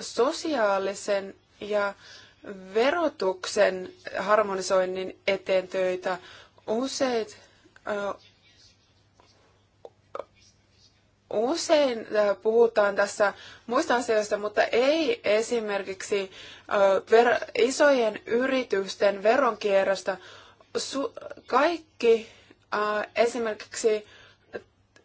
sosiaalisen ja verotuksen harmonisoinnin eteen töitä. Useat usein äh, puhutaan tässä muista asioista, mutta ei esimerkiksi äh, isojen yritysten veronkierrosta. kaikki äh, esimerkiksi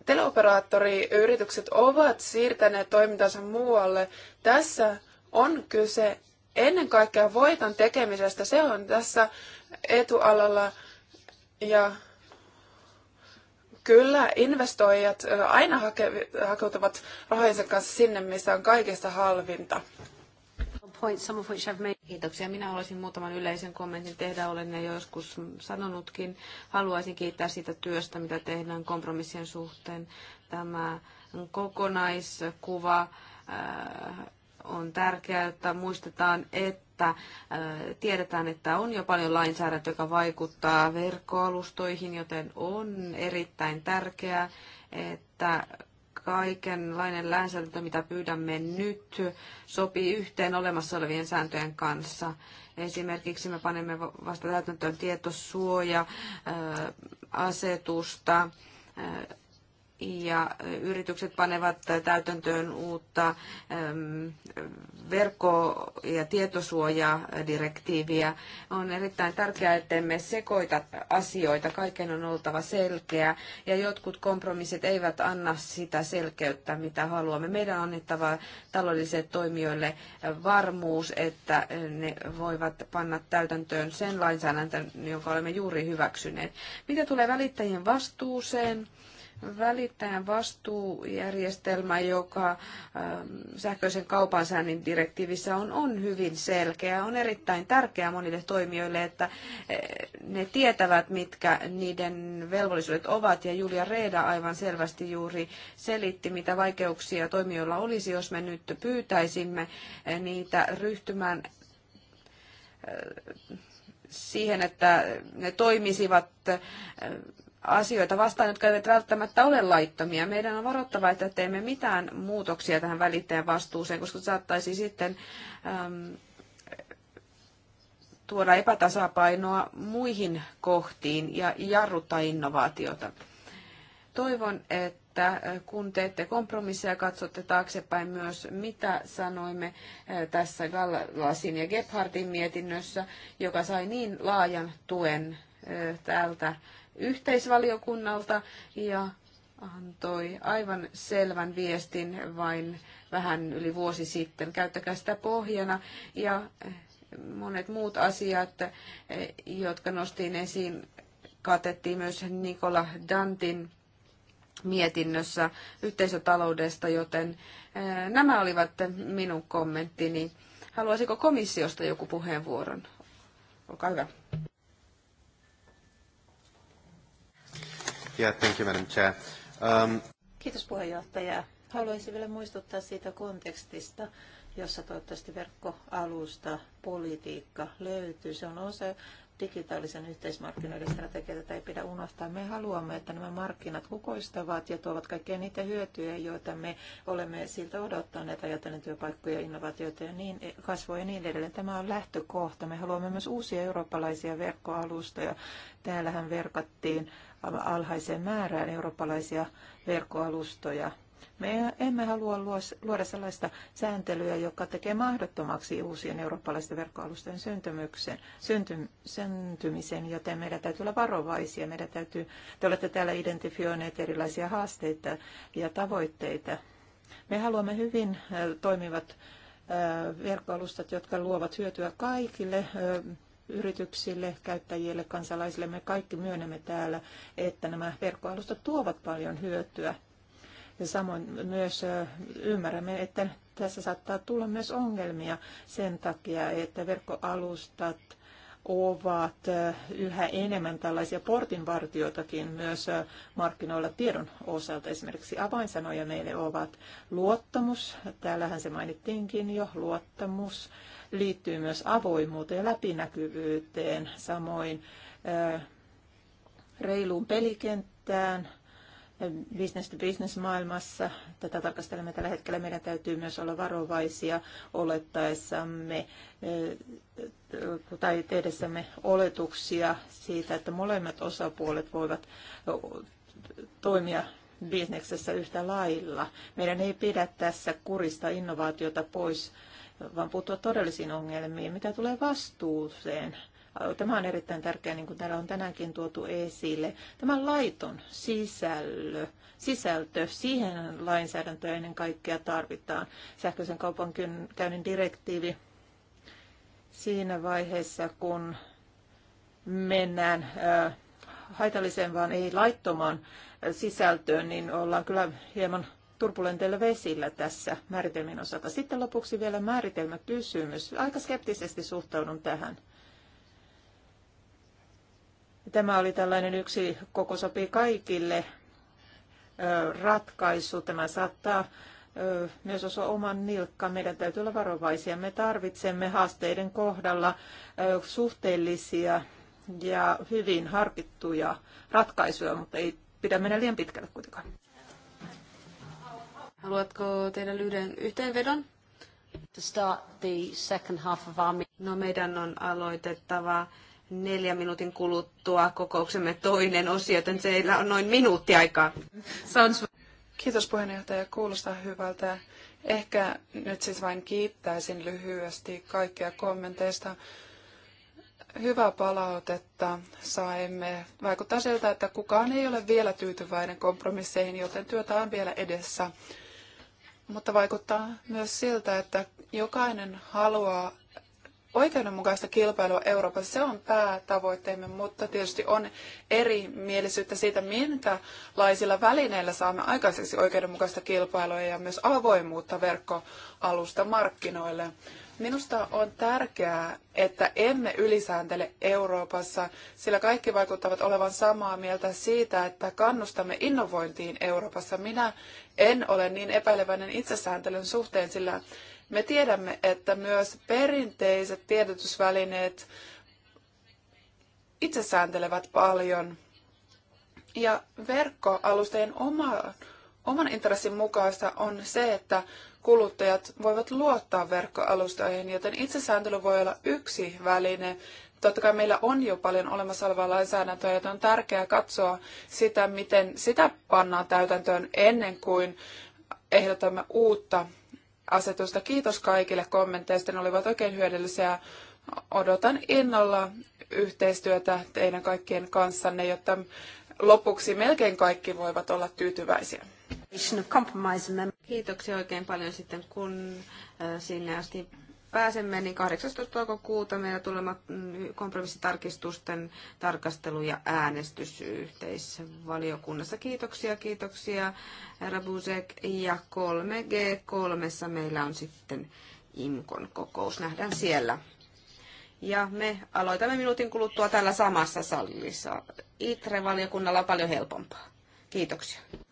teleoperaattoriyritykset ovat siirtäneet toimintansa muualle. Tässä on kyse ennen kaikkea voiton tekemisestä. Se on tässä etualalla ja Kyllä, investoijat aina hake, hakeutuvat rahojensa kanssa sinne, missä on kaikista halvinta. Kiitoksia. Minä haluaisin muutaman yleisen kommentin tehdä. Olen ne joskus sanonutkin. Haluaisin kiittää siitä työstä, mitä tehdään kompromissien suhteen. Tämä kokonaiskuva on tärkeää, että muistetaan, että että tiedetään, että on jo paljon lainsäädäntöä, joka vaikuttaa verkkoalustoihin, joten on erittäin tärkeää, että kaikenlainen lainsäädäntö, mitä pyydämme nyt, sopii yhteen olemassa olevien sääntöjen kanssa. Esimerkiksi me panemme vasta täytäntöön tietosuoja-asetusta, ja yritykset panevat täytäntöön uutta verkko- ja tietosuojadirektiiviä. On erittäin tärkeää, että emme sekoita asioita. Kaiken on oltava selkeä ja jotkut kompromissit eivät anna sitä selkeyttä, mitä haluamme. Meidän on annettava taloudellisille toimijoille varmuus, että ne voivat panna täytäntöön sen lainsäädäntön, jonka olemme juuri hyväksyneet. Mitä tulee välittäjien vastuuseen? välittäjän vastuujärjestelmä, joka ähm, sähköisen kaupansäännin direktiivissä on, on hyvin selkeä. On erittäin tärkeää monille toimijoille, että eh, ne tietävät, mitkä niiden velvollisuudet ovat. Ja Julia Reeda aivan selvästi juuri selitti, mitä vaikeuksia toimijoilla olisi, jos me nyt pyytäisimme eh, niitä ryhtymään eh, siihen, että ne toimisivat äh, asioita vastaan, jotka eivät välttämättä ole laittomia. Meidän on varoittava, että teemme mitään muutoksia tähän välittäjän vastuuseen, koska se saattaisi sitten äm, tuoda epätasapainoa muihin kohtiin ja jarruttaa innovaatiota. Toivon, että että kun teette kompromisseja, katsotte taaksepäin myös, mitä sanoimme tässä Gallasin ja Gebhardin mietinnössä, joka sai niin laajan tuen täältä yhteisvaliokunnalta ja antoi aivan selvän viestin vain vähän yli vuosi sitten. Käyttäkää sitä pohjana ja monet muut asiat, jotka nostin esiin, katettiin myös Nikola Dantin mietinnössä yhteisötaloudesta, joten eh, nämä olivat minun kommenttini. Haluaisiko komissiosta joku puheenvuoron? Olkaa hyvä. Yeah, thank you, Madam Chair. Um... Kiitos puheenjohtaja. Haluaisin vielä muistuttaa siitä kontekstista, jossa toivottavasti verkkoalusta politiikka löytyy. Se on osa digitaalisen yhteismarkkinoiden strategiaa tätä ei pidä unohtaa. Me haluamme, että nämä markkinat kukoistavat ja tuovat kaikkia niitä hyötyjä, joita me olemme siltä odottaneet, ajatellen työpaikkoja, innovaatioita ja niin, kasvoja ja niin edelleen. Tämä on lähtökohta. Me haluamme myös uusia eurooppalaisia verkkoalustoja. Täällähän verkattiin alhaiseen määrään eurooppalaisia verkkoalustoja me emme halua luoda sellaista sääntelyä, joka tekee mahdottomaksi uusien eurooppalaisten verkkoalusten syntymyksen, synty, syntymisen, joten meidän täytyy olla varovaisia. Meidän täytyy, te olette täällä identifioineet erilaisia haasteita ja tavoitteita. Me haluamme hyvin toimivat verkkoalustat, jotka luovat hyötyä kaikille yrityksille, käyttäjille, kansalaisille. Me kaikki myönnämme täällä, että nämä verkkoalustat tuovat paljon hyötyä ja samoin myös ymmärrämme, että tässä saattaa tulla myös ongelmia sen takia, että verkkoalustat ovat yhä enemmän tällaisia portinvartioitakin myös markkinoilla tiedon osalta. Esimerkiksi avainsanoja meille ovat luottamus, täällähän se mainittiinkin jo, luottamus liittyy myös avoimuuteen ja läpinäkyvyyteen, samoin reiluun pelikenttään, business-to-business-maailmassa. Tätä tarkastelemme tällä hetkellä. Meidän täytyy myös olla varovaisia olettaessamme eh, tai tehdessämme oletuksia siitä, että molemmat osapuolet voivat eh, toimia bisneksessä yhtä lailla. Meidän ei pidä tässä kurista innovaatiota pois, vaan puuttua todellisiin ongelmiin, mitä tulee vastuuseen – Tämä on erittäin tärkeää, niin kuin täällä on tänäänkin tuotu esille. Tämä laiton sisällö, sisältö, siihen lainsäädäntöä ennen kaikkea tarvitaan. Sähköisen kaupankäynnin direktiivi siinä vaiheessa, kun mennään haitalliseen, vaan ei laittomaan sisältöön, niin ollaan kyllä hieman turbulenteilla vesillä tässä määritelmien osalta. Sitten lopuksi vielä määritelmäkysymys. Aika skeptisesti suhtaudun tähän. Tämä oli tällainen yksi koko sopii kaikille ratkaisu. Tämä saattaa myös osua oman nilkkaan. Meidän täytyy olla varovaisia. Me tarvitsemme haasteiden kohdalla suhteellisia ja hyvin harkittuja ratkaisuja, mutta ei pidä mennä liian pitkälle kuitenkaan. Haluatko tehdä lyhyen yhteenvedon? To start the second half of our... No meidän on aloitettava neljä minuutin kuluttua kokouksemme toinen osio, joten teillä on noin minuutti aikaa. Kiitos puheenjohtaja, kuulostaa hyvältä. Ehkä nyt siis vain kiittäisin lyhyesti kaikkia kommenteista. Hyvää palautetta saimme. Vaikuttaa siltä, että kukaan ei ole vielä tyytyväinen kompromisseihin, joten työtä on vielä edessä. Mutta vaikuttaa myös siltä, että jokainen haluaa oikeudenmukaista kilpailua Euroopassa. Se on päätavoitteemme, mutta tietysti on eri mielisyyttä siitä, minkälaisilla välineillä saamme aikaiseksi oikeudenmukaista kilpailua ja myös avoimuutta verkkoalusta markkinoille. Minusta on tärkeää, että emme ylisääntele Euroopassa, sillä kaikki vaikuttavat olevan samaa mieltä siitä, että kannustamme innovointiin Euroopassa. Minä en ole niin epäileväinen itsesääntelyn suhteen, sillä me tiedämme, että myös perinteiset tiedotusvälineet itse sääntelevät paljon. Ja verkkoalustojen oma, oman intressin mukaista on se, että kuluttajat voivat luottaa verkkoalustoihin, joten itsesääntely voi olla yksi väline. Totta kai meillä on jo paljon olemassa olevaa lainsäädäntöä, joten on tärkeää katsoa sitä, miten sitä pannaan täytäntöön ennen kuin ehdotamme uutta asetusta. Kiitos kaikille kommenteista, ne olivat oikein hyödyllisiä. Odotan innolla yhteistyötä teidän kaikkien kanssanne, jotta lopuksi melkein kaikki voivat olla tyytyväisiä. Kiitoksia oikein paljon sitten, kun äh, sinne asti pääsemme, niin 18. toukokuuta meillä tulee mm, kompromissitarkistusten tarkastelu ja äänestys yhteisvaliokunnassa. Kiitoksia, kiitoksia Rabusek Ja 3G3 meillä on sitten IMKON kokous. Nähdään siellä. Ja me aloitamme minuutin kuluttua tällä samassa salissa. ITRE-valiokunnalla on paljon helpompaa. Kiitoksia.